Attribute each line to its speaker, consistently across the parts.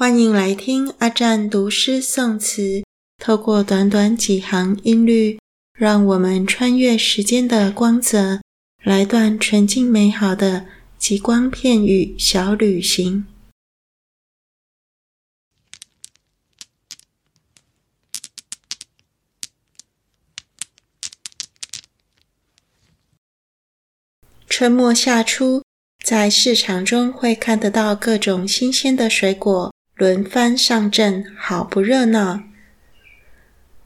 Speaker 1: 歡迎來聽阿占讀詩宋詞，透過短短幾行音律，讓我們穿越時間的光澤，來段純淨美好的極光片語小旅行。春末夏初，在市場中會看得到各種新鮮的水果。輪番上陣，好不熱鬧。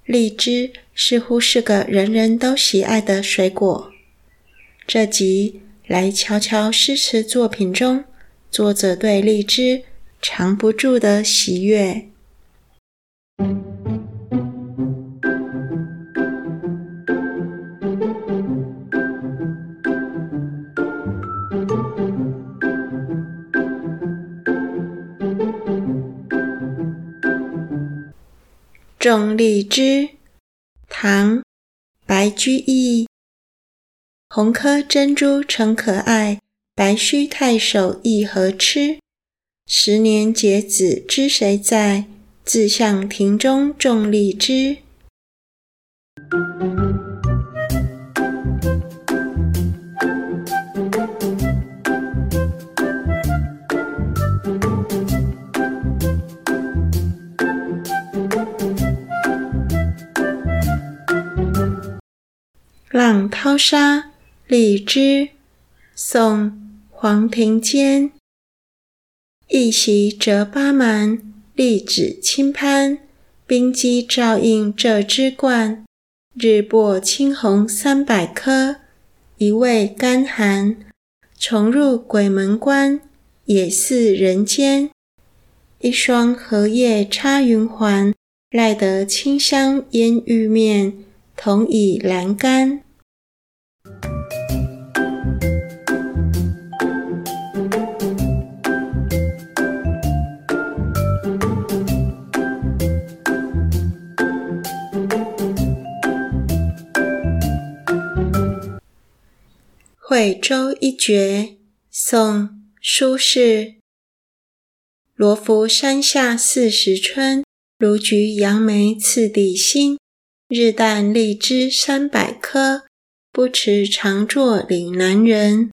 Speaker 1: 荔枝似乎是個人人都喜愛的水果。這集來瞧瞧詩詞作品中作者對荔枝藏不住的喜悅。種荔枝，唐，白居易。紅顆珍珠誠可愛，白鬚太守亦何癡。十年結子知誰在，自向庭中種荔枝。《浪淘沙·荔枝》宋·黃庭堅。憶昔謫巴蠻，荔子親攀，冰肌照映柘枝冠。日擘輕紅三百顆，一味甘寒。重入鬼門關，也似人間。一雙和葉插雲鬟，賴得清湘燕玉面，同倚闌干。惠州一絕，宋·蘇軾。羅浮山下四時春，盧橘楊梅次第新。日啖荔枝三百顆，不辭長作嶺南人。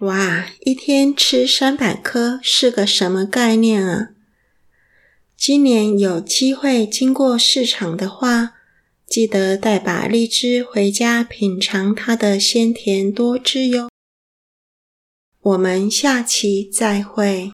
Speaker 1: 哇，一天吃三百顆是個什麼概念啊？今年有機會經過市場的話，記得帶把荔枝回家品嘗它的鮮甜多汁喲。我們下期再會。